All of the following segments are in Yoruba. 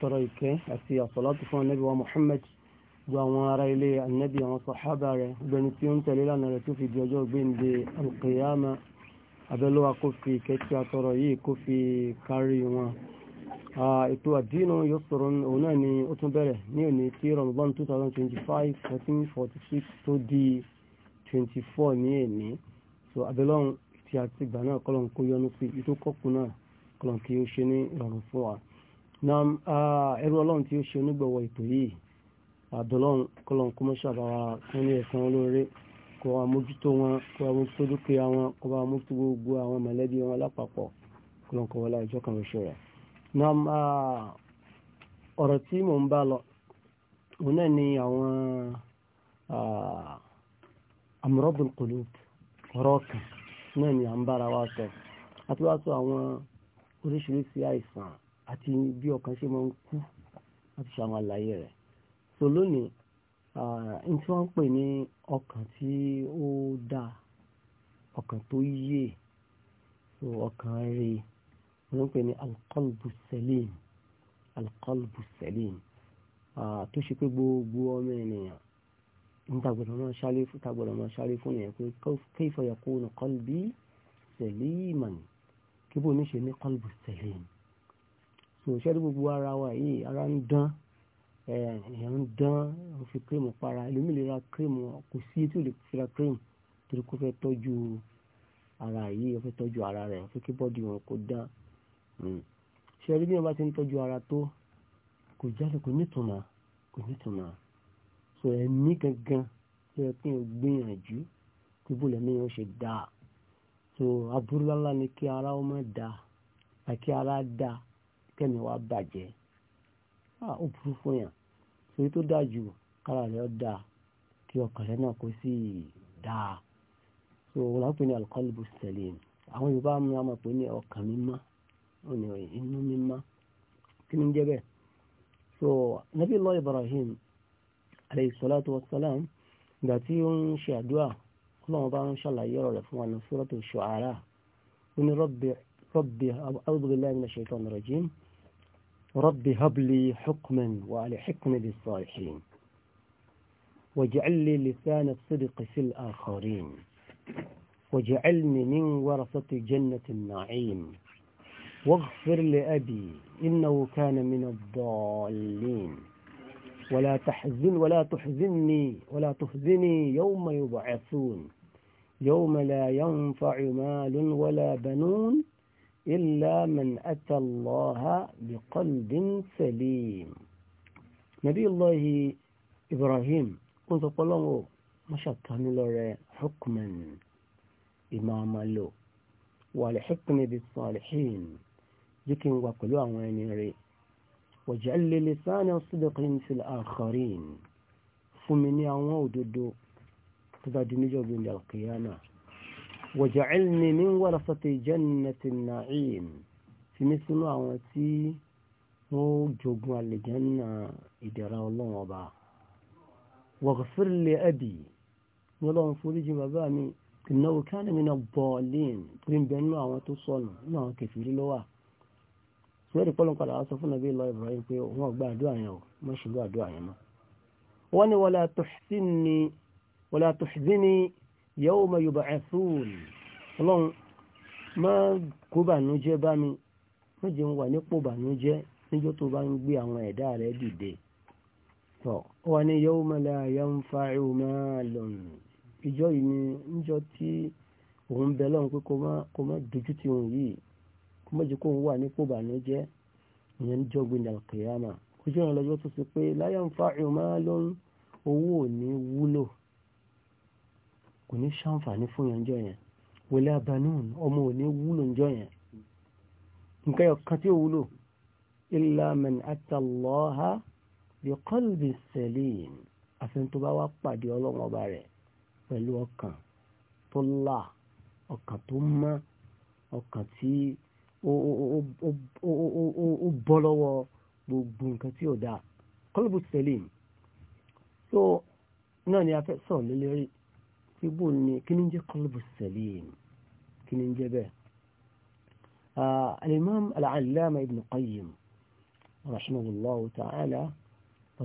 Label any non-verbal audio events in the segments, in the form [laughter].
tọrọ ìkẹ́ àti àsọ̀látù fún anábì wa Muhammad gbọ́ àwọn ará ilé anábì àwọn sàhábà rẹ̀ gbẹni tí ó ń tẹ̀lé lánàá rẹ̀ tó fi di ọjọ́ gbéǹde alqiyama abẹ́lówà kó fi ìkẹ́ tí a tọrọ yìí kó fi kárí wọn. ètò àdínú yóò sọ̀rọ̀ òun náà ni ó tún bẹ̀rẹ̀ ní òní tí Ramadan 2025 1446 tó di 24 ní èní so abẹ́lọ́run tí a ti gbà náà kọ́lọ̀ kó yọnu sí ìtókọ́kù náà kọ́lọ̀ kí ó ṣe ní ìrọ̀rùn fún wa. nam ẹrú ọlọ́run tí ó ṣe onígbọ̀wọ́ ètò yìí àdọ́lọ́run kọlọ́run kó mọ́ṣà fún ní ẹ̀sán olóore kó wa mójútó wọn kó wa mójútó dúkìá wọn kó wa mójútó gbogbo àwọn mọ̀lẹ́bí wọn lápapọ̀ kọlọ́run kó wọlé kan rẹ̀. ọ̀rọ̀ lọ òun náà ni àwọn amúrọ́bùn ọ̀rọ̀ náà ni à ń bára wa sọ àti wá àti bí ọkàn ṣe máa ń kú láti ṣe àwọn àlàyé rẹ̀ so lónìí n tí wọ́n ń pè ní ọkàn tí ó dáa ọkàn tó yé so ọkàn rè wọ́n ń pè ní alqalbu salim alqalbu salim tó ṣe pé gbogbo ọmọ ènìyàn ntàgbọ̀dọ̀ máa ṣáré fún tàgbọ̀dọ̀ máa ṣáré fún ènìyàn pé kayfa yakunu qalbi saliman kí bó ní ṣe ní qalbu salim sòṣẹ́rí gbogbo ara wa yìí ara ń dán èèyàn ń dán ń fi kírèmù para ẹlòmíì lè ra kírèmù kò sí tí ò lè fi ra kírèmù torí kó fẹ́ tọ́jú ara yìí ó fẹ́ tọ́jú ara rẹ̀ fẹ́ kí bọ́dì wọn kó dán hmm. ṣẹ́rí bí wọ́n bá ti ń tọ́jú ara tó kò jáde kò nítumọ̀ kò nítumọ̀ so ẹ̀mí gangan tó yẹ kí n gbìyànjú kí bóòlù ẹ̀mí yẹn ó ṣe dáa so aburú lálá ni kí ara ó má dáa àkí ara dáa kẹ́mi wá bàjẹ́ ah ó burú fún yàn torí tó dáa jù kára rẹ̀ dá kí ọkàn rẹ̀ náà kó sì dáa so wọn á pè ní alqalbu salim àwọn yorùbá mi á máa pè ní ọkàn mímá inú mímá kí ni ń jẹ́ bẹ́ẹ̀ so nabi allah ibrahim alayhi salatu wa salam ìgbà tí ó ń ṣe àdúrà ọlọ́run bá ń ṣàlàyé ọ̀rọ̀ rẹ̀ fún wa ní suratu shu'ara ó ní rabbi rabbi a'udhu billahi minash shaitanir rajim. رب هب لي حكما والحكم بالصالحين واجعل لي لسان الصدق في الآخرين واجعلني من ورثة جنة النعيم واغفر لأبي إنه كان من الضالين ولا تحزن ولا تحزني ولا تحزني يوم يبعثون يوم لا ينفع مال ولا بنون إلا من أتى الله بقلب سليم نبي الله إبراهيم قلت ما مشكل لره حكما إماما له والحكم بالصالحين ذكر وقلوا وينيري واجعل لي لسان صدق في الآخرين فمن يعود دو تبادل نجوب القيامة waj'alni min warasati jannati na'im fi mí sínú àwọn tí wọ́n jogun àlùjánnà ìdẹ̀ra ọlọ́run ọba waghfir li abi wọ́n lọ́wọ́ foríjì bàbá mi ìnáwó kánà mi náà bọ̀ọ̀lìn torí ń bẹ nínú àwọn tó sọnù nínú àwọn kẹfìrí lọ́wà sọ́ọ́dì pọ́lọ́pàdà wá sọ fún nàbí lọ Ibrahim pé òun ọ̀gbà àdúrà yẹn o mọ́ ṣùgbọ́n àdúrà yẹn mọ́ wọ́n ní wala tuhzini yawma yub'athun ọlọ́run má kó bànújẹ́ bá mi má jẹ́ ń wà nípò bànújẹ́ níjọ́ tó bá ń gbé àwọn ẹ̀dá rẹ̀ dìde tọ́ ó wà ní yawma la yanfa'u malun ìjọ yìí ni níjọ́ tí òun bẹ lọ́run pé kó má dojú ti òun yìí kó má jẹ́ kó òun wà nípò bànújẹ́ ìyẹn ojú tó pé la owó ò ní wúlò kò ní ṣàǹfààní fún yànjọ yẹn wọlé abanun ọmọ ò ní wúlò ń jọ yẹn nǹkan yọ kan tí ó wúlò illa man atallaha bi qalbi salim àfi tó bá wá pàdé ọlọ́run ọba rẹ̀ pẹ̀lú ọkàn tó là ọkàn tó mọ́ ọkàn tí ó bọ́ lọ́wọ́ gbogbo nǹkan tí ò dáa qalbu salim náà ni a fẹ́ sọ̀rọ̀ lélẹ́rìí يبوني كننجة قلب السليم كننجة به آه، الإمام العلامة ابن قيم رحمه الله تعالى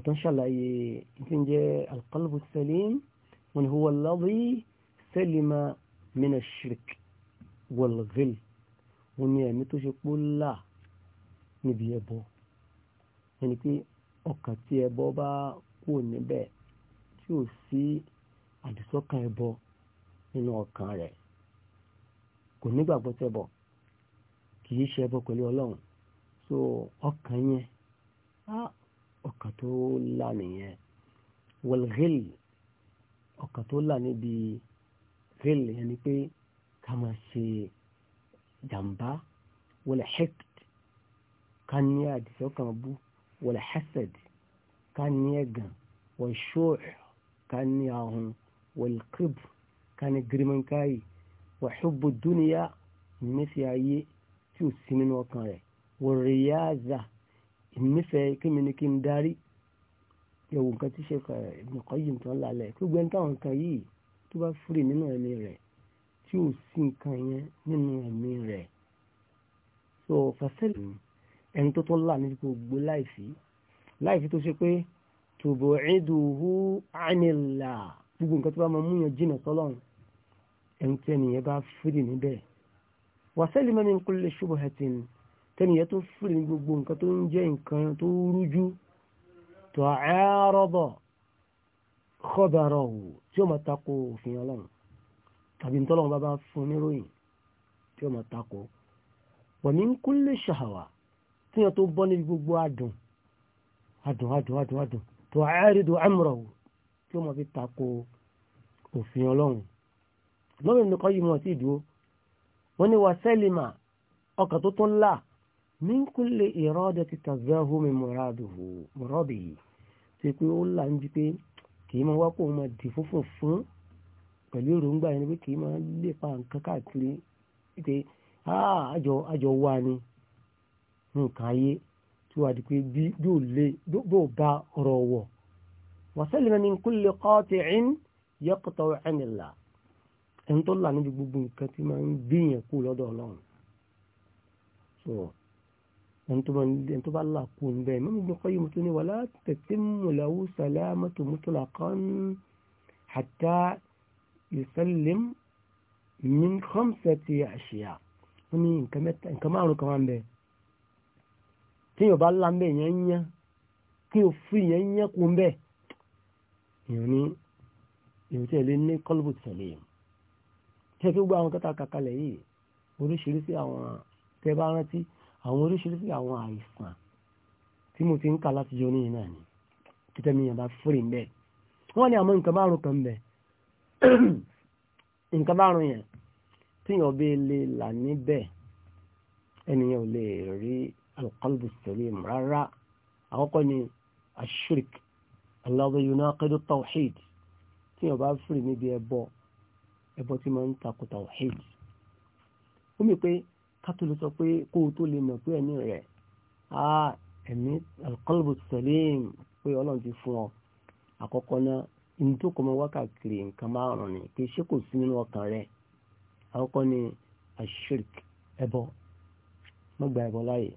فإن شاء الله إيه، كننجة القلب السليم من هو الذي سلم من الشرك والغل ومن يعمل شكو الله نبي أبو يعني كي أكتي أبو با كون بي شو سي àdìsọ́kàn ẹbọ nínú ọkàn rẹ̀ kò nígbàgbọ́ tẹ́bọ̀ kì í ṣe ẹbọ pẹ̀lú ọlọ́run so ọkàn yẹn ọkàn tó là nìyẹn wọlgẹ́lì ọkàn tó là níbi gẹ́lì yẹn ni pé ká máa ṣe jàǹbá wọlẹ̀ hẹ́kìt ká ní àdìsọ́kàn bú wọlẹ̀ hẹ́sẹ̀d ká ní ẹ̀gàn wọ̀ṣọ́ọ̀ ká ní ahun walkibr كان ní كاي وحب الدنيا مثي dúnìyà nífẹ̀ẹ́ ayé tí ò sí nínú ọkàn rẹ̀ wọ̀rẹ̀yáza nífẹ̀ẹ́ kí mi ní kí n darí ẹ̀wù nǹkan tí ṣe kọ̀ ẹ̀dùnkọ́ yìí tán táwọn nǹkan yìí tó bá fúri nínú ẹ̀mí rẹ̀ tí ò sí nǹkan yẹn nínú ẹ̀mí rẹ̀ so fàṣẹ́lì ẹni tó tó là ní gbogbo láìsí láìsí tó ṣe pé tòbò ẹ̀dùnhù ánìlà gbogbo nǹkan tó bá máa múyàn jìnà sọ́lọ́run ẹni tí ẹnìyẹn bá fìrì níbẹ̀ wà sẹ́lì mẹ́rin kò lè ṣubú hẹ̀tìn tẹ́nìyẹn tó fìrì ní gbogbo nǹkan tó ń jẹ́ nǹkan tó rújú tó àárọ̀bọ̀ kọ́bẹ̀rọ̀ tí ó máa tako òfin ọlọ́run tàbí ntọ́lọ́run bá bá fún níròyìn tí ó máa tako wà ní kò ṣàwà tíyẹn tó bọ́ níbi gbogbo adùn adùn adùn adùn adùn tó àárẹ̀dọ̀ àmúrọ̀ wò tí ó mọ̀ fi tako òfin ọlọ́run lọ́wọ́ ìnìkan yìí mọ̀ sí ìdúró wọ́n ní wa sẹ́lìmà ọkàn tó tún là ní kúlẹ̀ ìrọ́dẹ ti tàzẹ́hù mi mọ̀rọ́dì yìí tí pé ó là ń di pé kì í máa wá kó máa dì fúnfún fún pẹ̀lú èròǹgbà yẹn pé kì í máa lépa nǹkan káàkiri pé àjọ wa ni nǹkan ayé tí wàá di pé bí yóò lé yóò bá ọ̀rọ̀ wọ̀ وسلم من كل قاطع يقطع عن الله ان الله نجي بوبو كتي ما يقول هذا لون سو انتم انتم الله كون دائما بقيم توني ولا تتم له سلامة مطلقا حتى يسلم من خمسة أشياء ومن كما كمان كمان به كيف بالله به ينيا كيو في ينيا كون به èèyàn ní èèyàn tí ẹ lè ní kọlùbù tẹ̀lé tẹ́ fi gbọ́ àwọn kẹta kakalẹ̀ yìí oríṣiríṣi àwọn tẹ́ bá rántí àwọn oríṣiríṣi àwọn àìsàn tí mo ti ń kà láti jọ níyìn náà ni títẹ́ mi yàn bá fúri ń bẹ́ wọ́n ni. àmọ́ nǹkan márùn kan bẹ̀ [clears throat] nǹkan márùn yẹn tíyàn bí lè là níbẹ̀ ẹnìyàn ò lè rí alqalbu salim rárá àkọ́kọ́ ni ashirik alladhi yunaqidu tawhid tí yóò bá fìrì níbi ẹbọ ẹbọ tí máa ń takò tawhid ó mi pé kátólù sọ pé kó o tó lè mọ̀ pé ẹ̀mí rẹ̀ á ẹ̀mí alqalbu salim pé ọlọ́run ti fún ọ àkọ́kọ́ náà ní tó kọ́ mọ wákàkiri nǹkan márùn-ún ni pé ṣé kò sí nínú ọkàn rẹ̀ àkọ́kọ́ ni ashirk ẹbọ mọ́gbà ẹbọ láàyè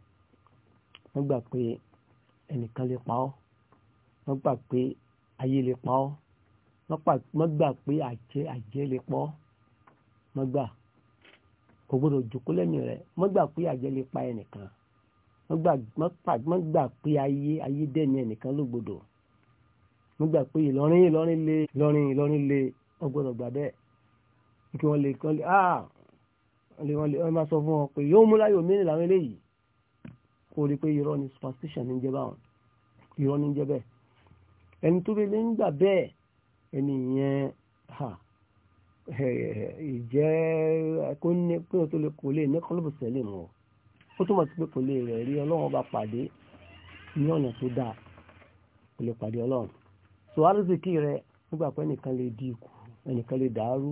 mọ́gbà pé ẹnìkan lè pa ọ́ wọ́n gbà pé ayé lè pa ọ́ wọ́n gbà pé àjẹ́ àjẹ́ lè pa ọ́ wọ́n gbà kò gbọdọ̀ jòkó lẹ́nu rẹ̀ wọ́n gbà pé àjẹ́ lè pa ẹnìkan wọ́n gbà pé ayé ayé dẹ́ni ẹnìkan ló gbọdọ̀ wọ́n gbà pé Ìlọrin Ìlọrin lé Ìlọrin Ìlọrin lé wọ́n gbọdọ̀ gbà bẹ́ẹ̀ kí wọ́n lè kán lè ah lè wọ́n lè wọ́n máa sọ fún wọn pé yóò mú láyò mí làwọn eléyìí kó rí pé irọ́ ni superstition ní jẹ́ báwọn irọ́ ní jẹ́ bẹ́ẹ̀ ẹni tó bẹ́ẹ̀ lè ń gbà bẹ́ẹ̀ ẹni yẹn ìjẹ́ kó ní pé o tó lè kò lè ní kọ́lọ́bù sẹ́lẹ̀ mọ́ ó túmọ̀ sí pé kò lè rẹ̀ rí ọlọ́run bá pàdé ní ọ̀nà tó dáa kò lè pàdé ọlọ́run tó arúzìkì rẹ nígbà pé ẹnìkan lè di ikú ẹnìkan lè dàárú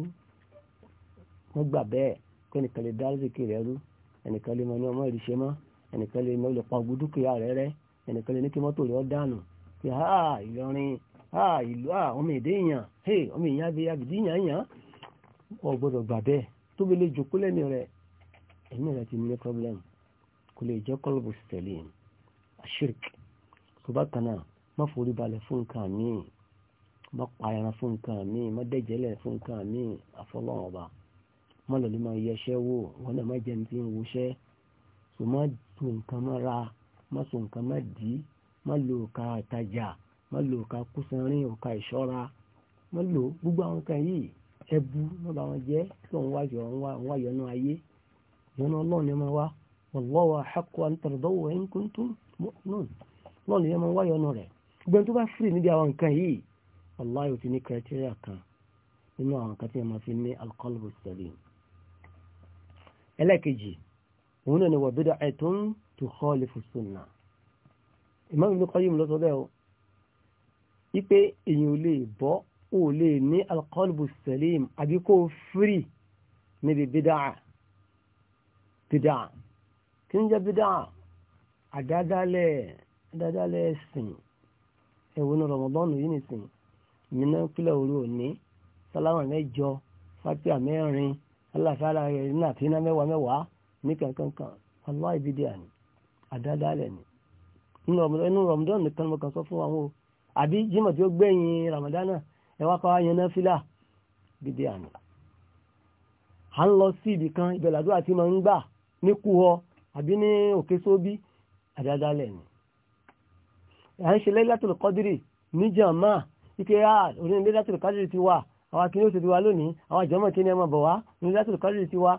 wọ́n gbà bẹ́ẹ̀ pé ẹnìkan lè dá arúzìkì rẹ rú ẹnìkan lè mọ ní ọmọ ìrìṣẹ́ mọ́ ẹnìkan lè mọ ilẹ̀ pa rẹ rẹ ẹnìkan lè ní kí mọ́tò rẹ ọ dànù pé ha Ìlọrin ha ìlú ha ọmọ èdè èèyàn hey ọmọ èèyàn abẹ abìdí yàn yàn ọ gbọ́dọ̀ gbà bẹ́ẹ̀ tó bẹ lè jòkó lẹni rẹ ẹni rẹ ti ní problem kò lè jẹ kọlọbù e. sẹlẹ àṣírk tó bá kan náà má forí balẹ̀ fún nǹkan míì má pa ẹran fún nǹkan míì má dẹjẹlẹ fún nǹkan míì àfọlọ́wọn ọba má lọ́ọ́ lè máa yẹṣẹ́ wò wọn náà má jẹun tí ń woṣẹ́ tó má dùn nǹkan má ra má sùn nǹkan má dì má lo òka ìtajà má lo òka kúsanrín òka ìṣọ́ra má lo gbogbo àwọn kan yìí ẹbu má ba wọn jẹ́ tó ń wáyọ̀ ń wáyọ̀ náà ayé ìyọnu ọlọ́run yẹn máa wá wallahu haqqu an tardawu in kuntum mu'minun ọlọ́run yẹn máa wáyọ̀ náà rẹ̀ gbogbo tó bá fìrì níbi àwọn nǹkan yìí wallahi ti ní kẹrẹtẹrẹ kan nínú àwọn nǹkan tí wọn máa fi ní alqalbu salim ẹlẹ́ẹ̀kejì òun náà ni wa bid'atun Imam Ibn Qayyim ló sọ bẹ́ẹ̀ o wípé èyàn ò lè bọ́ ò lè ní alqalbu salim àbí kó firi níbi bídáà bídáà kí ń jẹ́ bídáà àdádálẹ̀ àdádálẹ̀ sìn ẹ̀wọ̀n ní rọmọdọ́nù yìí nìsín nínú pílẹ̀ orí òní sálámà mẹ́jọ fátíà mẹ́rin aláfàárà rẹ̀ nínú àfihàn mẹ́wàá mẹ́wàá ní kankankan aláìbídíà ni àdádálẹ̀ ni nínú Ramadan nìkan mo kàn sọ fún àwọn o àbí jimọ̀ tí ó gbẹ̀yìn Ramadana ẹ wá pàwá yẹn náfìlà dídí àná à ń lọ sí ibì kan ibẹ̀ làdúrà tí mo ń gbà ní kúhọ àbí ní òkè sóbí àdádálẹ̀ ni à ń ṣe Lailatul Qadri níjàmá ike a orí Lailatul Qadri ti wà àwọn akíní oṣù ti wá lónìí àwọn àjọmọ̀ kí ni ẹ máa bọ̀ wá ní Lailatul Qadri ti wá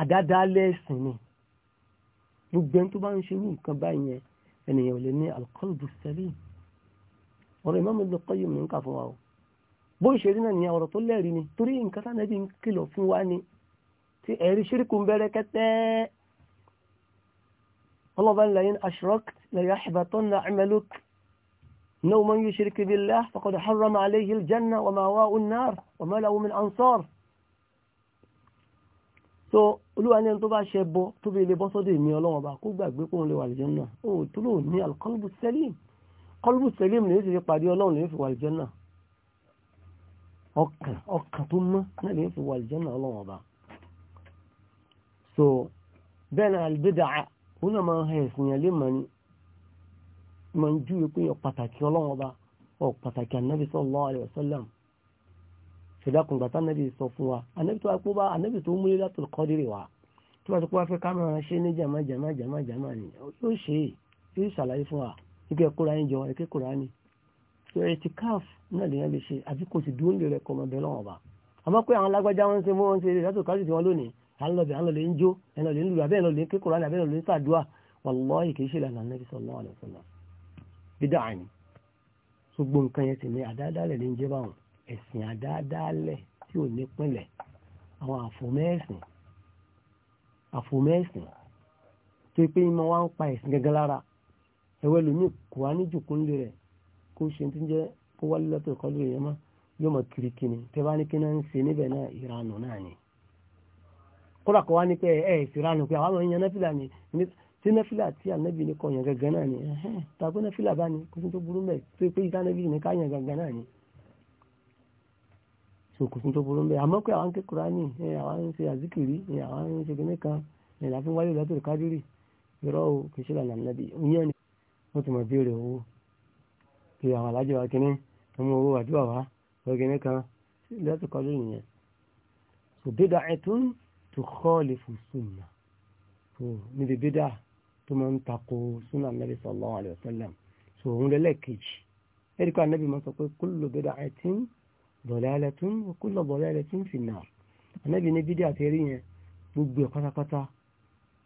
àdádálẹ̀ ẹ̀sìn ni gbogbo ẹni tó bá ń ṣerú nǹkan báyìí أن يولني القلب السليم والإمام ابن القيم من قفواه بوي شرين أن يورا طلاليني تري إن كتان أبي كيلو فواني في أهل شرك بركة الله قال لئن أشركت ليحبطن عملك نوما يشرك بالله فقد حرم عليه الجنة وماواء النار وما له من أنصار so olúwa ní ẹni tó bá ṣe bọ tó fi lè bọ́ sọ́dọ̀ èmi ọlọ́run ọba kó gbàgbé pé òun lè wà lè jẹun náà ó tó lò ní alukọlùbù sẹlẹm kọlùbù sẹlẹm lè fi pàdé ọlọ́run lè fi wà lè jẹun náà ọkàn ọkàn tó mọ́ náà lè fi wà lè jẹun náà ọlọ́run ọba so bẹ́ẹ̀ náà àlùbẹ́dà òun náà máa ń hẹ ẹ̀sìn yẹn lé mọ́ ni máa ń júwe pé ọ pàtàkì ọlọ́run ọba ọ pàtàkì ànábì sallallahu ṣèdákùn gbàtà ànábì sọ fún wa ànábì tó wá pé bá ànábì tó múlé látòlù kọ́dírì wa tó wá sọ pé wá fẹ́ ká máa ṣe ní jàmá jàmá jàmá jàmá ni yóò ṣe é yóò ṣàlàyé fún wa nígbà kóra yín jọ ẹ̀kẹ́ kóra ni tó ẹ̀ ti káf náà lè yẹn lè ṣe àbí kò sì dúró lè rẹ̀ kọ́ ọmọ bẹ́ẹ̀ lọ́wọ́ bá àmọ́ pé àwọn alágbájá wọn ṣe wọn ṣe látòlù kájú ti wọn lónìí àlọ́bẹ̀ àlọ́lẹ̀ wallahi kìí ṣe lànà Nabi sallallahu alaihi wasallam bídà àní ṣùgbọ́n nǹkan yẹn sì ní ẹ̀sìn àdáadáalẹ̀ tí ò ní pínlẹ̀ àwọn àfòmẹ́ẹ̀sìn àfòmẹ́ẹ̀sìn tó pé ìmọ̀ wa ń pa ẹ̀sìn gẹ́gẹ́ lára ẹ̀wẹ́ lómi kò wá ní jùkú nílé rẹ̀ kó ṣe tí ń jẹ́ kó wá lọ́tọ̀ ìkọlù rẹ̀ mọ́ yóò mọ̀ kiri kini tẹ́ bá ní kí náà ń ṣe níbẹ̀ náà ìranù náà ni kódà kó wá ní pé ẹ̀ ìranù pé àwọn èèyàn náfìlà ni tí náfìlà tí ni, ní kọ̀ọ̀yàn gẹ́gẹ́ náà ni tàbí náfìlà bá ní kó tó burú mẹ́ tó pé ìtànábì ní káyàn gẹ́gẹ́ náà ni sòkùnkùn tó burú ń bẹ àmọ́ pé àwọn kékeré ní àwọn ń ṣe àzíkìrí àwọn ń ṣe kíní kan ìlànà fún wáyé ìlàtò kádìrì irọ́ o kì í ṣe lànà nàbì ìyẹn ni wọ́n ti mọ̀ béèrè owó kí àwọn alájọ wa kíní ọmọ owó àdúrà wa wọ́n kíní kan ìlàtò kádìrì nìyẹn. so bídà ẹ̀tún tó kọ́ lè fún sunna so níbi bídà tó máa ń takò sunna nàbì sallallahu alaihi wasallam so òun lẹ́lẹ́kejì ẹ̀ríkà nàbì máa sọ dalalatun wa kullu dalalatin fin nar anábì ní bídí àtẹ́rí yẹn gbogbo ẹ̀ pátápátá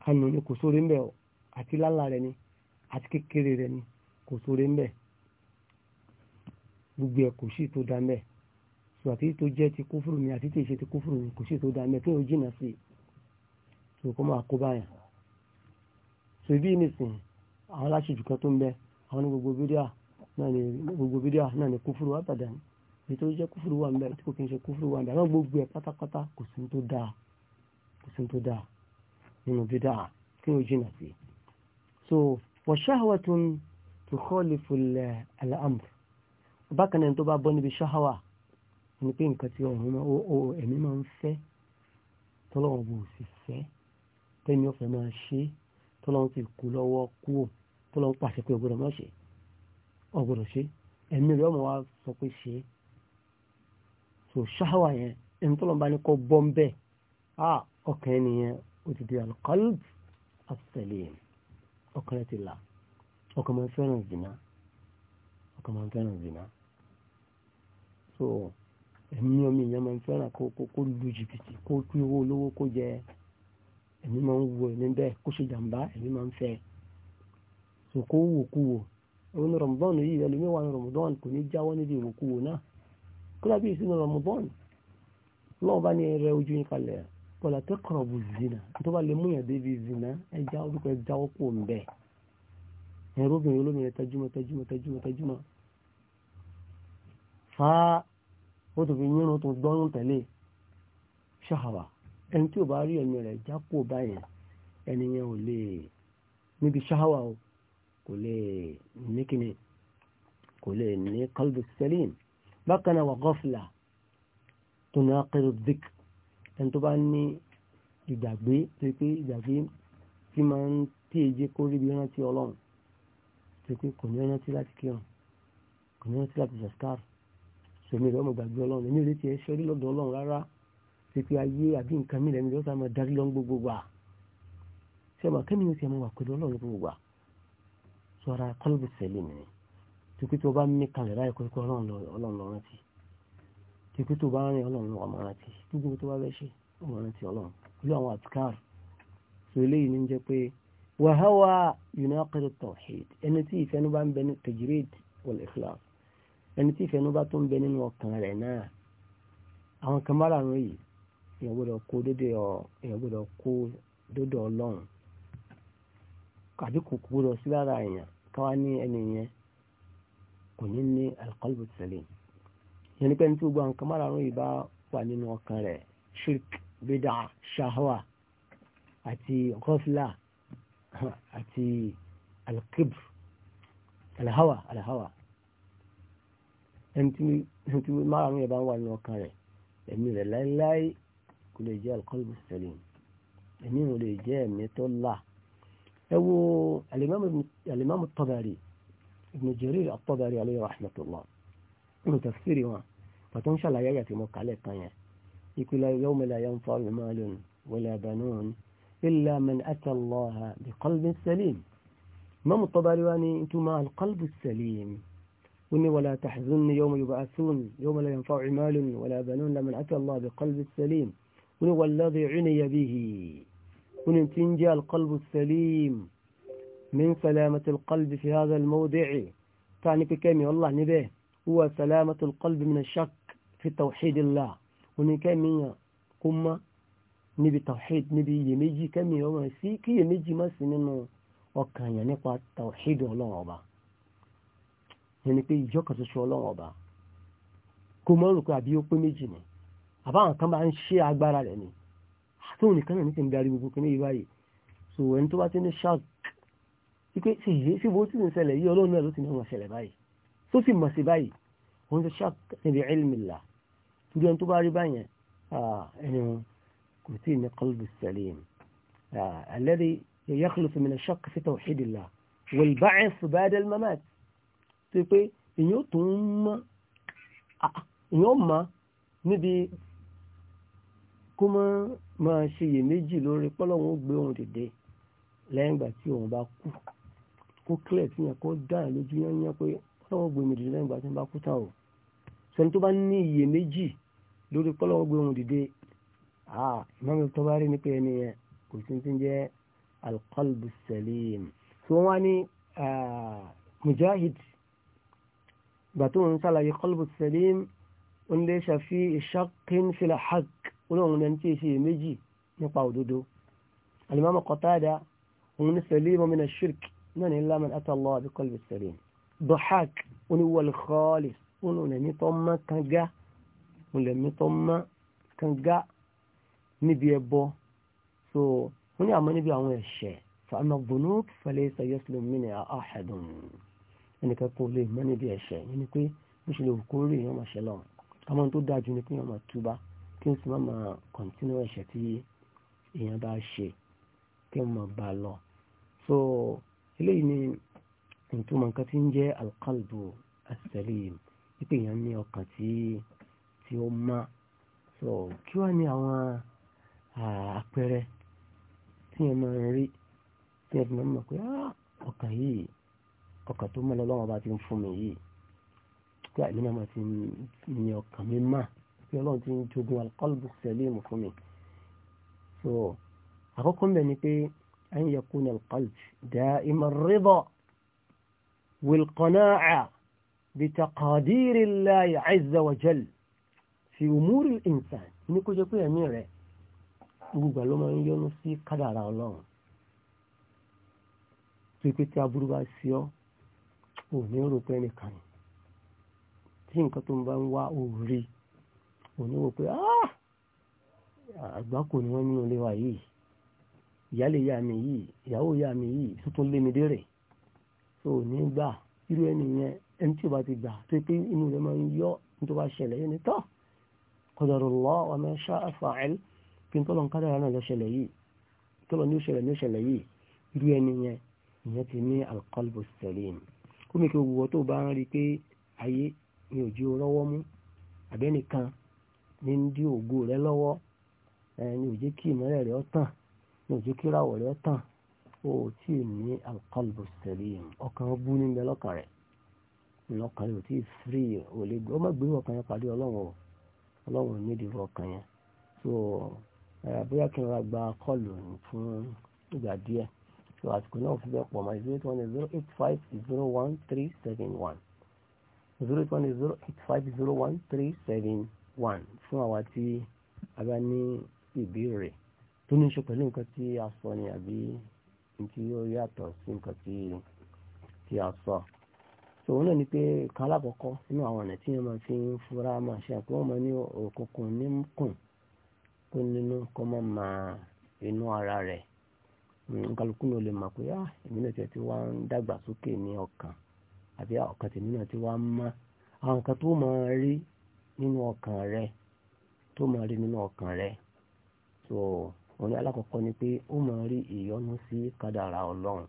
kanù ni kò sóore ń bẹ̀ ọ́ àti lálá rẹ̀ ni àti kékeré rẹ̀ ni kò sóore ń bẹ̀ gbogbo ẹ̀ kò sí tó dá mẹ́ sọ àti tó jẹ́ ti kúfùrù mi àti tí ìṣe ti kúfùrù mi kò sí tó dá mẹ́ kí n ò sí i tó kọ́ máa kó báyàn so ibi nìsín àwọn aláṣejù kan tó ń bẹ àwọn ní gbogbo bídíà náà ní kúfùrù àbàdàn èyí tó jẹ́ kúfúrú wà ń bẹ tí kò kí ń ṣe kúfúrú wà ń bẹ àwọn gbogbo ẹ̀ pátápátá kò sí tó dáa kò sí tó dáa nínú bídà kí o jìnà sí so washahwatun tukhalifu al-amr bákan náà tó bá bọ́ níbi ṣáháwà ní pé nǹkan tí ọ̀run ẹ̀mí máa ń fẹ́ tọ́lọ́wọ́n bò sì fẹ́ tẹ́mi ọ̀fẹ́ máa ṣe tọ́lọ́wọ́n ti kú lọ́wọ́ kúò tọ́lọ́wọ́n pàṣẹ pé ọgbọ́dọ̀ máa ṣe ọgbọ́dọ̀ ṣe ẹ̀mí rẹ̀ ọmọ wa sọ pé ṣe é so ṣáwà yẹn ẹni tó lọ́nba ní kọ́ bọ́ ń bẹ́ẹ̀ á ọkàn ẹni yẹn ó ti di alqalb as-salim ọkàn rẹ̀ ti là ọkàn máa ń fẹ́ràn zina ọkàn máa ń fẹ́ràn zina so ẹ̀mí ọmọ ìyẹn máa ń fẹ́ràn kó kó lu jìbìtì kó kí owó olówó kó jẹ ẹ̀mí máa ń wo ẹ̀mí bẹ́ẹ̀ kó ṣe jàǹbá ẹ̀mí máa ń fẹ́ so kó wò kú wò òun Ramadan yìí ẹlòmíwà Ramadan kò ní jáwọ́ níbi ìwòkúwò náà kódà bí ìsinmi Ramadan lọ́wọ́ bá ní ẹrẹ ojú yín kalẹ̀ wala taqrabu zina tó bá lè mú yàn débi zina ẹja orúkọ ẹja ọkọ ńbẹ ẹrú obìnrin olómìnira tẹjúmọ́ tẹjúmọ́ tẹjúmọ́ tẹjúmọ́ fa ó tó fi yírun tó dọ́rùn tẹ̀lé ṣàhàwà ẹni tí ò bá rí ẹ̀mí rẹ̀ jápò báyẹn ẹni yẹn ò lè níbi ṣàhàwà o kò lè ní kíni kò lè ní qalbu salim bákan náà wà gọ́fìlà tó ní akérò zik ẹni tó bá ní ìgbàgbé tó pé ìgbàgbé tí máa ń tí èjé kó rí bí rántí ọlọ́run tó pé kò ní rántí láti kírun kò ní rántí láti zaskar sèmi rẹ ọmọ gbàgbé ọlọ́run èmi retí ẹ sọrí lọ́dọ̀ ọlọ́run rárá tó pé ayé àbí nǹkan mi lẹ́nu lọ́sàá máa darí lọ́n gbogbo wa sẹ́mi akẹ́mi ni ó ti ẹ̀ máa wà pẹ̀lú ọlọ́run gbogbo wa sọ ara kọ́lọ́bù sẹ́lẹ̀ nìyẹn tukí tó bá ń mí kalẹ̀ báyìí kókó ọlọ́run lọ́rùn ti tukí tó bá ń rìn ọlọ́run lọ́rùn ọmọ rántí gbogbo tó bá fẹ́ ṣe ọmọ rántí ọlọ́run pẹ̀lú àwọn àtikáàrù so eléyìí ní jẹ́ pé wàháwà yunaqidu tawhid ẹni tí ìfẹ́nu bá ń bẹ ní tajrid wal ikhlas ẹni tí ìfẹ́nu bá tó ń bẹ nínú ọkàn rẹ̀ náà àwọn kan bá ràrùn yìí èèyàn gbọ́dọ̀ kó dódò ọlọ́run àbí kò gbọ́dọ̀ sí lára èèyàn káwá ní ẹni yẹn kò ní ní alqalbu salim yẹn ni pé ní tí gbogbo nǹkan márààrún yìí bá wà nínú ọkàn rẹ̀ shirk bida shahwa àti ghafla àti alkibr alhawa alhawa ẹni tí márààrún yìí bá wà nínú ọkàn rẹ̀ ẹ̀mí rẹ̀ láéláé kò lè jẹ́ alqalbu salim ẹ̀mí rẹ̀ lè jẹ́ ẹ̀mí tó là ẹ wo alimamu Tabari. ابن جرير الطبري عليه رحمة الله من تفسيري ما فتنشى لا يأتي موقع يقول يوم لا ينفع مال ولا بنون إلا من أتى الله بقلب سليم ما مطبالي واني انتما القلب السليم واني ولا تحزن يوم يبعثون يوم لا ينفع مال ولا بنون لمن أتى الله بقلب سليم واني والذي عني به واني انتنجى القلب السليم من سلامة القلب في هذا الموضع تعني كمي والله نبيه هو سلامة القلب من الشك في توحيد الله ونكمي كما نبي توحيد نبي يميجي كمي وما سيكي يميجي ما سننو وكان يعني قوى توحيد الله أبا يعني كي يجوك سشو الله أبا كما نكو أبيو كميجي ني أبا كما أنشي أكبر عليني حتوني كنا نتن داري بكو كني يباي سو أنتو باتني شك wípé ṣe ìyé sí bó tí ń ṣẹlẹ̀ yí ọlọ́run náà ló ti ní wọn ṣẹlẹ̀ báyìí tó sì mọ̀ sí báyìí wọn ṣe ṣáà níbi ilmìlá torí ohun tó bá rí báyẹn ẹni kò tí ì ní qalbi salim alladhi yakhlusu min ash-shakk fi tawhidillah wal ba'th ba'da al-mamat tó pé èyàn tó ń mọ́ èyàn mọ́ níbi kó mọ́ máa ṣiyèméjì lórí pọ́lọ́wọ́n gbé ohun dìde lẹ́yìn ìgbà tí òun bá kú kó clear sí yẹn kó dá ẹ̀ lójú yẹn yẹn pé ọlọ́wọ́ gbé mi dìde lẹ́yìn ìgbà tí mo bá kú tán o sẹ́ni tó bá ní iyèméjì lórí pọ́lọ́wọ́ gbé òun dìde ah ìmọ̀mí tó bá rí ni pé ẹni yẹn kò sí ti ń jẹ́ alqalbu salim tí wọ́n wá ní mujahid gbà tó ń sàlàyé qalbu salim ń lè ṣàfi shakkin fil haqq olóhùn ẹni tí ì ṣe iyèméjì nípa òdodo alimami Qatada òun ní salim min ash náà ní lámà ata Allah bi qalbi salim dọ́hák oníwọ̀lì kọ́ọ̀lì onílẹ̀mí tó mọ́ kanga onílẹ̀mí tó mọ́ kanga níbi ẹbọ so wọ́n ní àmọ́ níbi àwọn ẹ̀ṣẹ̀ fàmà gbónúk falaysa yaslim minha ahadun ẹnìkan kò lè mọ́ níbi ẹ̀ṣẹ̀ yẹn ni pé bó ṣe lè wù kó rí èèyàn máa ṣe lọ́wọ́ àmọ́ tó dáa jù ni pé èèyàn máa kí n sì má máa kọ̀ǹtínú ẹ̀ṣẹ̀ tí èèyàn bá ṣe kí n máa bá lọ so eléyìí ni ìtumọ̀ nǹkan tí ń jẹ́ alqalbu as wípé èèyàn ní ọkàn tí tí ó má so kí wá ní àwọn àpẹẹrẹ tí èèyàn máa ń rí tí èèyàn fi máa ń mọ̀ pé ah, ọkàn yìí ọkàn tó mọ́ lọ́wọ́ bá ti ń fún mi yìí pé àìní náà máa ti ní ọkàn mi mà pé ọlọ́run ti ń jogun alqalbu as fún mi so àkọ́kọ́ ń bẹ̀ ni pé. أن يكون القلب دائم الرضا والقناعة بتقادير الله عز وجل في أمور الإنسان نيكو جاكو يمير gbogbo ló máa ń yọnu sí kádàrà ọlọ́run tó pé tí aburú bá sí ọ ò ní rò pé ẹnìkan ni tí nǹkan tó ń bá ń wá ò rí ò ní rò pé àgbákò ni wọ́n nínú ilé wa yìí ìyáálé ìyá mi yìí ìyàwó ìyá mi yìí tó tún lé mi dérè tó ní gbà irú ẹni yẹn ẹni tí o bá ti gbà tó pé inú rẹ máa ń yọ tó bá ṣẹlẹ̀ yẹn ni tọ́ qadarullah wa ma sha'a fa'al kí n tọ́lọ̀ ń kádàrá náà lọ ṣẹlẹ̀ yìí tọ́lọ̀ ní ó ṣẹlẹ̀ ní ó ṣẹlẹ̀ yìí irú ẹni yẹn ìyẹn ti ní alqalbu salim kó mi kí owó tó bá ń rí pé ayé mi ò jí o lọ́wọ́ mú àbẹ́nìkan ní ń dí ògo rẹ lọ́wọ́ ẹni ò jẹ́ kí ìmọ́lẹ̀ rẹ ó tàn òjò kíràwọ̀ rẹ̀ tàn ó tí ì ní alqalbu salim ọkàn bú ní bẹ lọ́kàn rẹ̀ lọ́kàn rẹ̀ ò tí ì fírí ò lè gbé ọmọ gbé ọkàn yẹn pàdé ọlọ́run ọlọ́run nídìí ọkàn yẹn so bóyá kí n ra gba kọ́ọ̀lù fún ìgbà díẹ̀ so àsìkò náà fi bẹ́ẹ̀ pọ̀ mọ́ zero eight one zero eight five zero one three seven one zero eight one zero eight five zero one three seven one fún àwa tí a bá ní ìbéèrè. tó ní ṣe pẹ̀lú nǹkan tí a sọ ni àbí tí ó yàtọ̀ sí nǹkan tí a sọ so òun náà ni pé kan alákọ̀ọ́kọ́ nínú àwọn ọ̀nà tí wọ́n máa fi fura máa ṣe àpò wọn máa ní òkùnkùn ní kó nínú kó má máa inú ara rẹ̀ nkálukú hmm, ló lè mọ̀ pé ah èmi náà tiẹ̀ ti wá ń ní ọkàn àbí ọkàn tèmi náà ti wá ń mọ́ àwọn nǹkan tó máa rí nínú ọkàn rẹ wọn ní alákọ̀ọ́kọ́ ni pé ó máa rí ìyọnu sí kádàrà ọlọ́run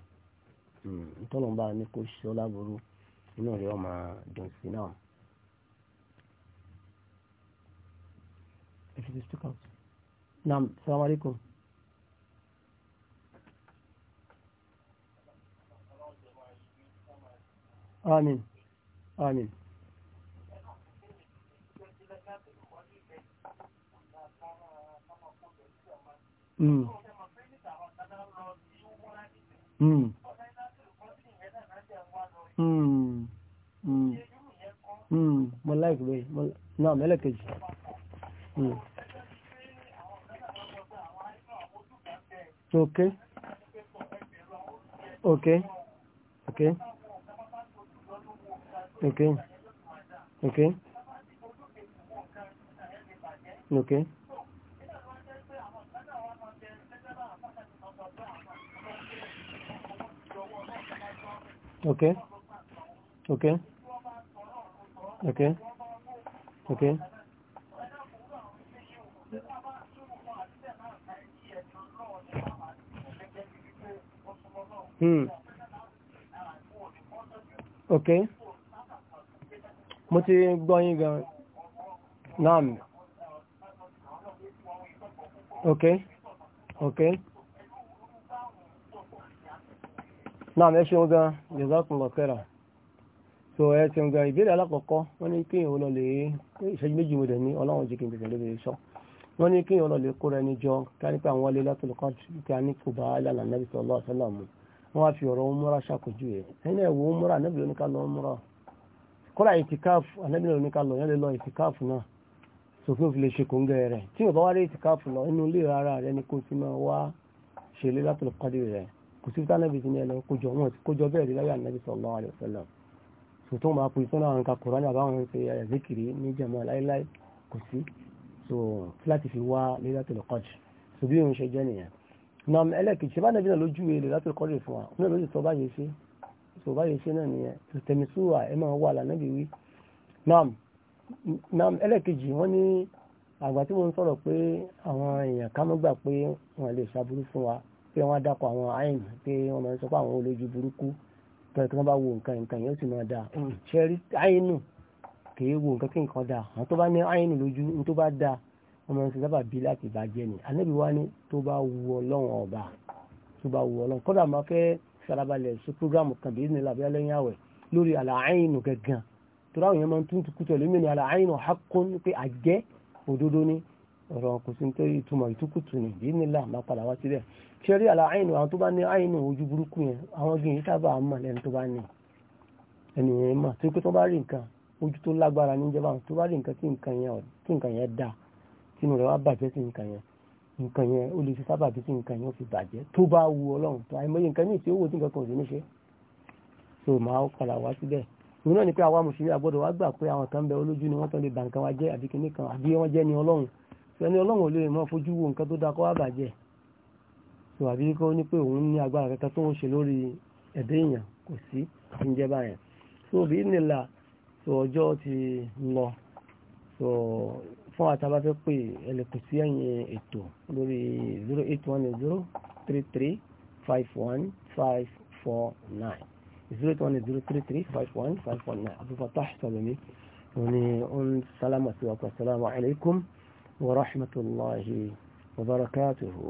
hmm, ntọ́lọ́mbà ni kò ṣọ́ láburú inú rẹ̀ ó máa dùn sí náà. if it is too cold. Naam, salaam alaikum. Amin. Amin. Hmm. Hmm. Hmm. mo láìkì bẹ́ẹ̀ náà mẹ́lẹ̀kejì ok ok ok ok ok ok. okay okay okay okay hmm okay mo ti gbọ́ yín gan naam okay okay. náà ẹ ṣeun gan jazakumullahu khairan so ẹ ṣeun gan ìbéèrè alákọ̀ọ́kọ́ wọ́n ní kí ìwọ́n lọ lè ìṣẹ́jú méjì mo dẹ̀ ní ọlọ́run jẹ́ kí n tẹ̀sẹ̀ lóbi sọ wọ́n ní kí ìwọ́n lọ lè kó rẹ níjọ kánípẹ́ àwọn wọlé látọ̀lù kan tí a ní kò bá lànà nàbì sallallahu alaihi wasallam wọ́n á fi ọ̀rọ̀ múra ṣàkójú ẹ̀ ẹni ẹ̀wọ̀ múra nàbì lóníkà lọ múra kọ́lá ìtìkáàfù anábìnrin lóníkà lọ yẹn lè lọ ìtìkáàfù náà sòfin òfin lè ṣe kòńgẹ́ rẹ̀ tí yóò bá wá rí ìtìkáàfù lọ inú ilé rárá rẹ ni kò sí máa wá ṣe lé látọ̀lù kọ́dì rẹ̀ kò sí tánàbì sí ní ẹlọ kójọ wọn kójọ bẹ́ẹ̀ rí láyé ànábì sallallahu alaihi wasallam sòtún máa pè sọ́nà àwọn nǹkan kùránì àbáwọn ṣe ẹ̀ẹ́dẹ́kiri eh, ní jẹ̀mọ́ láíláí kò sí so láti fi wá Lailatul Qadr so bí òun ṣe jẹ́ nìyẹn na ẹlẹ́kìtì ṣe bá nàbí náà lójú ilẹ̀ Lailatul Qadr fún wa náà lójú sọ báyìí ṣe sọ báyìí ṣe náà nìyẹn tó tẹ̀mí súwà ẹ máa wà lànàbí wí na ẹlẹ́kìtì àgbà tí mo ń sọ̀rọ̀ pé àwọn èèyàn ká mọ́gbà pé wọ́n lè ṣàbúrú fún wa pé wọ́n dákọ̀ àwọn àìn pé wọ́n máa ń sọ pé àwọn olójú burúkú tọ́lẹ̀ tí wọ́n bá wo nǹkan nǹkan yóò sì máa dáa hmm, ṣe rí àìnù kìí wo nǹkan kí nǹkan dáa àwọn tó bá ní àìnù lójú ní tó bá dáa wọ́n máa ń sọ sábà bí láti bàjẹ́ ni ànábì wá ní tó bá wu ọlọ́run ọba tó bá wu ọlọ́run kódà máa fẹ́ farabalẹ̀ sí prógrámù kan bí ní làbẹ́ lẹ́yìn àwẹ̀ lórí àlàáìnù gangan tó ráwọn yẹn máa ń tún tukútọ̀ ní àlàáìnù hakun pé àjẹ́ òdodo ni ọ̀rọ̀ kò sí nítorí ìtumọ̀ ìtukùtù ni bí ní wá síbẹ̀ ṣẹ́rí àlà àìnù àwọn tó bá ní àìnù ojú burúkú yẹn àwọn gìyìn sábà mọ̀ lẹ́nu tó bá ní ẹnìyàn mọ̀ tó pé tó bá rí nǹkan ojú tó lágbára ní ìjọba tó bá rí nǹkan tí nǹkan yẹn tí nǹkan yẹn dá tínú rẹ̀ wá bàjẹ́ sí nǹkan yẹn nǹkan yẹn ó lè fi sábà bí sí nǹkan yẹn ó fi bàjẹ́ tó bá wu ọlọ́run tó àìmọye nǹkan míì tí ó wò tí nǹkan kan ò sí ní ṣe so máa padà wá síbẹ̀ òun náà ni pé àwa mùsùlùmí àgbọ́dọ̀ wá gbà pé àwọn kan bẹ olójú ni wọ́n tán lè bà nǹkan wa jẹ́ àbí kinní kan àbí wọ́n jẹ́ ni ọlọ́run ẹni ọlọ́run ò lè mọ fojú wo nǹkan tó dáa kó wá bàjẹ́ so àbí kó ní pé òun ní agbára kankan tó ń ṣe lórí ẹ̀dẹ́ èèyàn kò sí ń jẹ́ báyẹn so bí nílà so ọjọ́ ti lọ so fún àtàbà fẹ́ pé ẹlẹ́kùn sí ẹ̀yìn ètò lórí 08103351549 08103351549 abdulfatah salomi òní òun sálámà sí wa kọ́ sálámà alaikum wa rahmatulahi wa barakatuhu.